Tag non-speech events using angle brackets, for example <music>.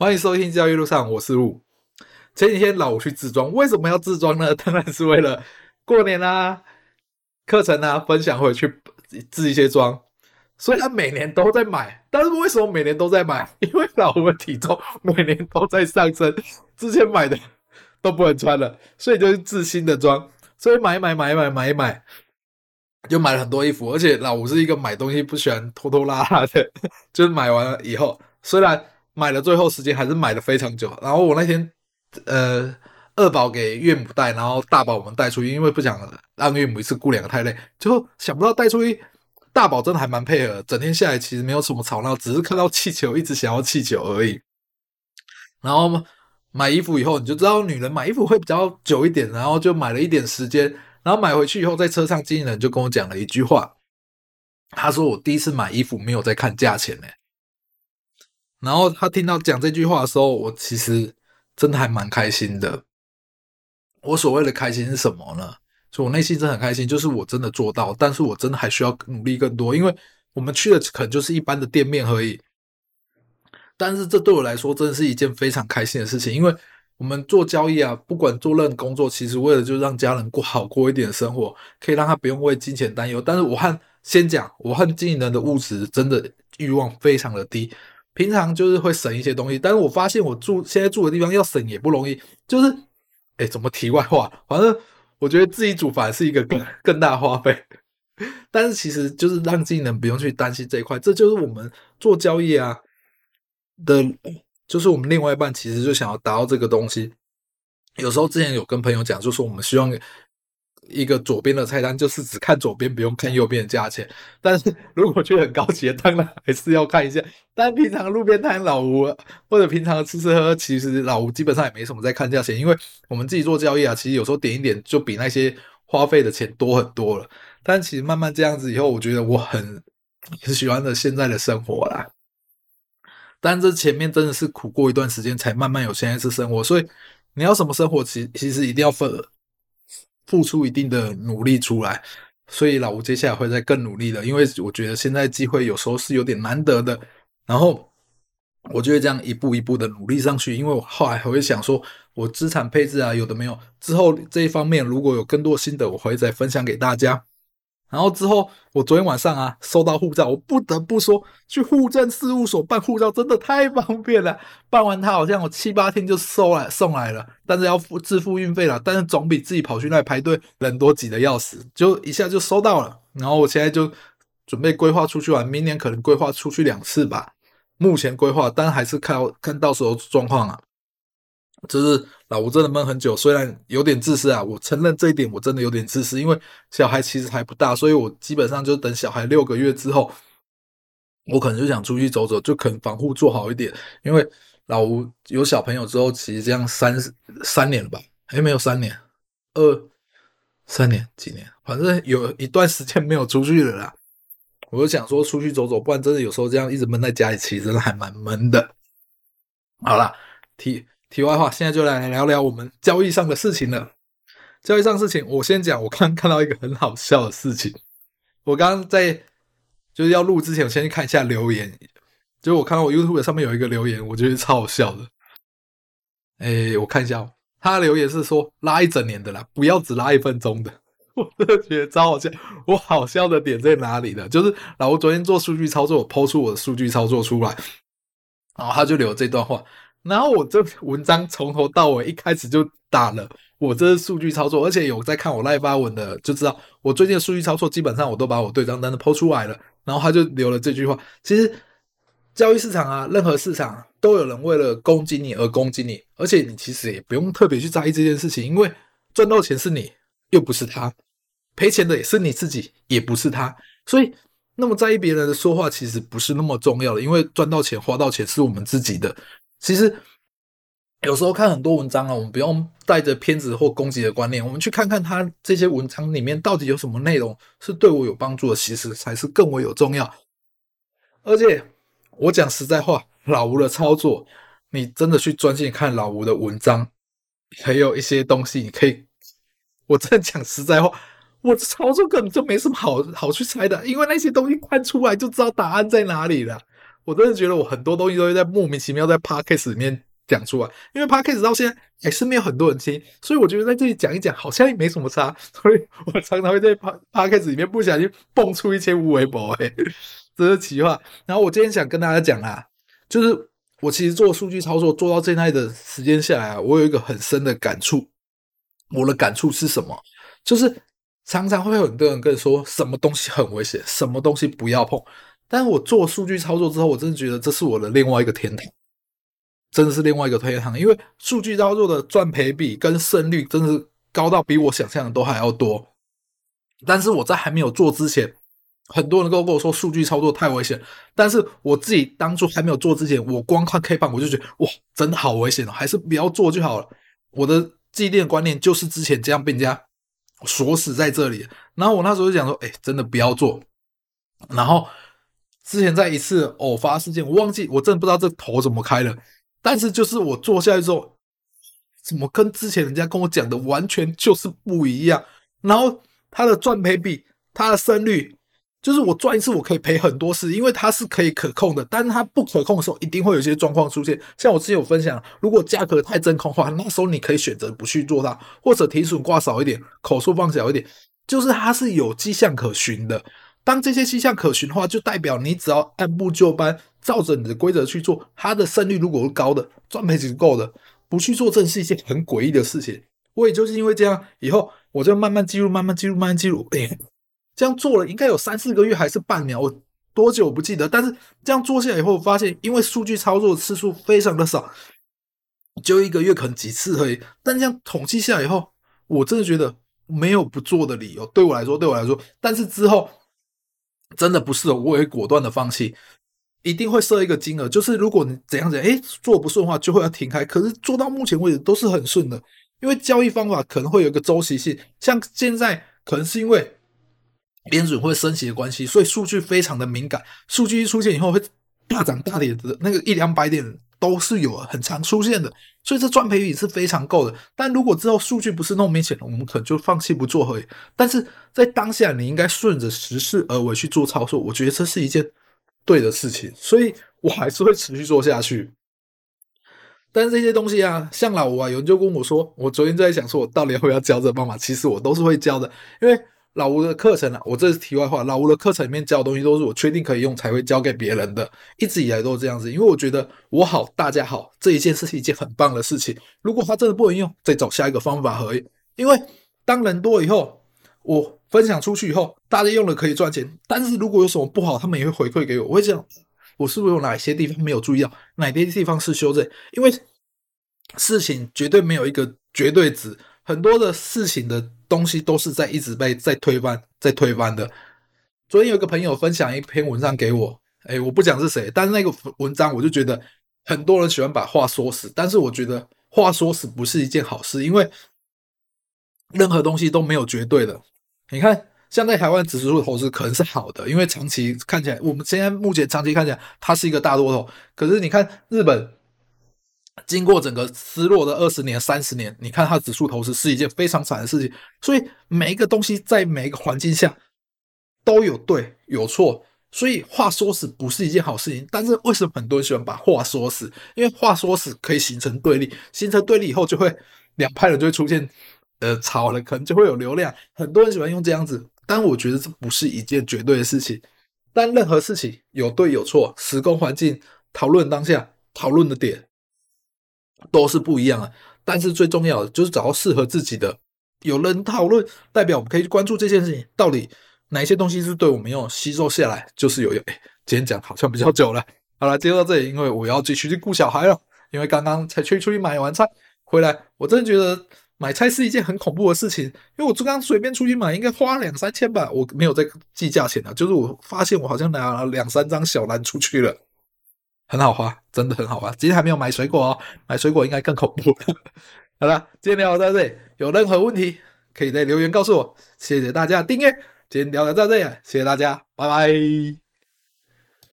歡迎收聽《教育路上》，我是路。前幾天老吳去置裝，為什麼要置裝呢？當然是為了過年啊、課程啊、分享會去置一些裝。所以他每年都在買，但是為什麼每年都在買？因為老吳的體重每年都在上升，之前買的都不能穿了，所以就是置新的裝，所以買一買，買，買，買一買，買買，就買了很多衣服。而且老吳是一個買東西不喜歡拖拖拉拉的，就是買完了以後雖然。買了最後時間還是買了非常久，然後我那天，呃，二寶給岳母帶，然後大寶我們帶出去，因為不想讓岳母一次顧兩個太累。最後想不到帶出去，大寶真的還蠻配合，整天下來其實沒有什麼吵鬧，只是看到氣球一直想要氣球而已。然後買衣服以後，你就知道女人買衣服會比較久一點，然後就買了一點時間，然後買回去以後在車上，經紀人就跟我講了一句話，他說我第一次買衣服沒有在看價錢嘞、欸。然後他聽到講這句話的時候，我其實真的還蠻開心的。我所謂的開心是什麼呢？所以我內心真的很開心，就是我真的做到，但是我真的還需要努力更多，因為我們去的可能就是一般的店面而已。但是這對我來說真的是一件非常開心的事情，因為我們做交易啊，不管做任何工作，其實為了就讓家人過好過一點的生活，可以讓他不用為金錢擔憂。但是我和，我和先講，我和經營人的物質真的欲望非常的低。平常就是會省一些東西，但是我發現我住現在住的地方要省也不容易，就是，哎、欸，怎麼題外話，反正我覺得自己煮飯是一個更更大的花費，但是其實就是讓自己能不用去擔心這一塊，這就是我們做交易啊的，就是我們另外一半其實就想要達到這個東西。有時候之前有跟朋友講，就說、是、我們希望一個左邊的菜單，就是只看左邊，不用看右邊的價錢。但是如果去很高級的，當然還是要看一下。但平常路邊攤老吳，或者平常吃吃喝喝，其實老吳基本上也沒什麼在看價錢，因為我們自己做交易啊，其實有時候點一點就比那些花費的錢多很多了。但其實慢慢這樣子以後，我覺得我很很喜歡的現在的生活啦。但這前面真的是苦過一段時間，才慢慢有現在這生活。所以你要什麼生活，其實其實一定要分了。付出一定的努力出來，所以老吳接下來會再更努力的，因為我覺得現在機會有時候是有點難得的。然後，我就會這樣一步一步的努力上去，因為我後來還會想說，我資產配置啊，有的沒有之後這一方面，如果有更多心得，我會再分享給大家。然後之後，我昨天晚上啊收到護照，我不得不說，去戶政事務所辦護照真的太方便了。辦完它好像有七八天就收來送來了，但是要付支付運費了，但是總比自己跑去那排隊，人多擠得要死，就一下就收到了。然後我現在就準備規劃出去玩，明年可能規劃出去兩次吧。目前規劃，但還是看看到時候狀況了啊。就是老吳真的悶很久，雖然有點自私啊，我承認這一點，我真的有點自私。因為小孩其實還不大，所以我基本上就等小孩六個月之後，我可能就想出去走走，就可能防護做好一點。因為老吳有小朋友之後，其實這樣三三年了吧？哎、欸，沒有三年，二三年幾年，反正有一段時間沒有出去了啦。我就想說出去走走，不然真的有時候這樣一直悶在家裡，其實還蠻悶的。好啦，提。題外話，現在就來聊聊我們交易上的事情了。交易上的事情，我先講。我剛看到一個很好笑的事情，我剛剛在就是要錄之前，我先去看一下留言。就是我看到我 YouTube 上面有一個留言，我覺得超好笑的。哎、欸，我看一下，他的留言是說拉一整年的啦，不要只拉一分鐘的。我真的覺得超好笑。我好笑的點在哪裡呢？就是老吳昨天做數據操作，我拋出我的數據操作出來，然後他就留了這段話。然後我這文章從頭到尾一開始就打了我這是數據操作，而且有在看我賴發文的就知道，我最近的數據操作基本上我都把我對賬單都拋出來了。然後他就留了這句話：其實交易市場啊，任何市場啊都有人為了攻擊你而攻擊你，而且你其實也不用特別去在意這件事情，因為賺到錢是你，又不是他；賠錢的也是你自己，也不是他。所以那麼在意別人的說話其實不是那麼重要的，因為賺到錢、花到錢是我們自己的。其實有時候看很多文章啊，我們不用帶着偏執或攻擊的觀念，我們去看看他這些文章裡面到底有什麼內容是對我有幫助的，其實才是更為有重要。而且我講實在話，老吳的操作，你真的去專心看老吳的文章，還有一些東西你可以，我真的講實在話，我操作根本就沒什麼好好去猜的，因為那些東西看出來就知道答案在哪裡了。我真的覺得我很多東西都會在莫名其妙在 podcast 裡面講出來，因為 podcast 到現在還、欸、是沒有很多人聽，所以我覺得在這裡講一講好像也沒什麼差，所以我常常會在 pa podcast 裡面不小心蹦出一些烏維博，哎，真是奇話。然後我今天想跟大家講啊，就是我其實做數據操作做到現在的時間下來啊，我有一個很深的感觸，我的感觸是什麼？就是常常會有很多人跟你說什麼東西很危險，什麼東西不要碰。但是我做數據操作之後，我真的覺得這是我的另外一個天堂，真的是另外一個天堂。因為數據操作的賺賠比跟勝率真的是高到比我想象的都還要多。但是我在還沒有做之前，很多人都跟我說數據操作太危險。但是我自己當初還沒有做之前，我光看 K 棒，我就覺得哇，真的好危險，哦，還是不要做就好了。我的既定觀念就是之前這樣被人家鎖死在這裡。然後我那時候就想說，哎、欸，真的不要做。然後。之前在一次偶發事件，我忘記，我真的不知道這頭怎麼開了。但是就是我坐下來之後，怎麼跟之前人家跟我講的完全就是不一樣。然後它的賺賠比，它的勝率，就是我賺一次我可以賠很多次，因為它是可以可控的。但是它不可控的時候，一定會有一些狀況出現。像我之前有分享，如果價格太真空的話，那時候你可以選擇不去做它，或者停損掛少一點，口數放小一點，就是它是有跡象可循的。當這些跡象可循的話，就代表你只要按部就班，照着你的規則去做，它的勝率如果是高的，賺賠比夠的，不去做正是一件很詭異的事情。我也就是因為這樣，以後我就慢慢記錄，慢慢記錄，慢慢記錄。哎，這樣做了應該有三四個月還是半年，我多久我不記得。但是這樣做下來以後，我發現因為數據操作次數非常的少，就一個月可能幾次而已。但這樣統計下來以後，我真的覺得沒有不做的理由。對我來說，對我來說，但是之後。真的不是，我也會果斷的放棄，一定會設一個金額，就是如果你怎樣怎樣，哎，做不順的話就會要停開。可是做到目前為止都是很順的，因為交易方法可能會有一個周期性，像現在可能是因為，聯準會升息的關係，所以數據非常的敏感，數據一出現以後會大漲大跌的，那個一兩百點。都是有很常出現的，所以這賺賠比是非常夠的。但如果之後數據不是那麼明顯了，我們可能就放棄不做而已。但是在當下，你應該順着時勢而為去做操作，我覺得這是一件對的事情，所以我還是會持續做下去。但是這些東西啊，像老吳啊，有人就跟我說：“我昨天在想，說我到底要不要教這個方法？”其實我都是會教的，因為。老吳的課程啊，我這是題外話。老吳的課程裡面教的東西都是我確定可以用才會教給別人的，一直以來都是這樣子。因為我覺得我好，大家好，這一件事是一件很棒的事情。如果它真的不能用，再找下一個方法而已。因為當人多以後，我分享出去以後，大家用了可以賺錢，但是如果有什麼不好，他們也會回饋給我。我會想我是不是有哪些地方沒有注意到？哪些地方是修正？因為事情絕對沒有一個絕對值。很多的事情的東西都是在一直被在推翻，在推翻的。昨天有個朋友分享一篇文章給我，哎、欸，我不講是誰，但是那個文章我就覺得很多人喜歡把話說死，但是我覺得話說死不是一件好事，因為任何東西都沒有絕對的。你看，像在台灣指數的投資可能是好的，因為長期看起來，我們現在目前長期看起來它是一個大多頭，可是你看日本。經過整個失落的二十年、三十年，你看它指數投資是一件非常慘的事情。所以每一個東西在每一個環境下都有對有錯。所以話說死不是一件好事情。但是為什麼很多人喜歡把話說死？因為話說死可以形成對立，形成對立以後就會兩派人就會出現，呃，吵了，可能就會有流量。很多人喜歡用這樣子，但我覺得這不是一件絕對的事情。但任何事情有對有錯，時空環境、討論當下、討論的點。都是不一樣的，但是最重要的就是找到適合自己的。有人討論，代表我們可以去關注這件事情，到底哪些東西是對我們用吸收下來就是有用。哎、欸，今天講好像比較久了，欸，好了，就到這裡，因為我要繼續去顧小孩了，因為剛剛才去出去買完菜回來，我真的覺得買菜是一件很恐怖的事情，因為我剛剛隨便出去買，應該花兩三千吧，我沒有在計價錢了，就是我發現我好像拿了兩三張小藍出去了。很好玩，真的很好玩。今天還沒有買水果哦，買水果應該更恐怖。 <laughs> 好了，今天聊到這裡，有任何問題可以在留言告訴我。謝謝大家訂閱，今天聊到這裡，謝謝大家，拜拜。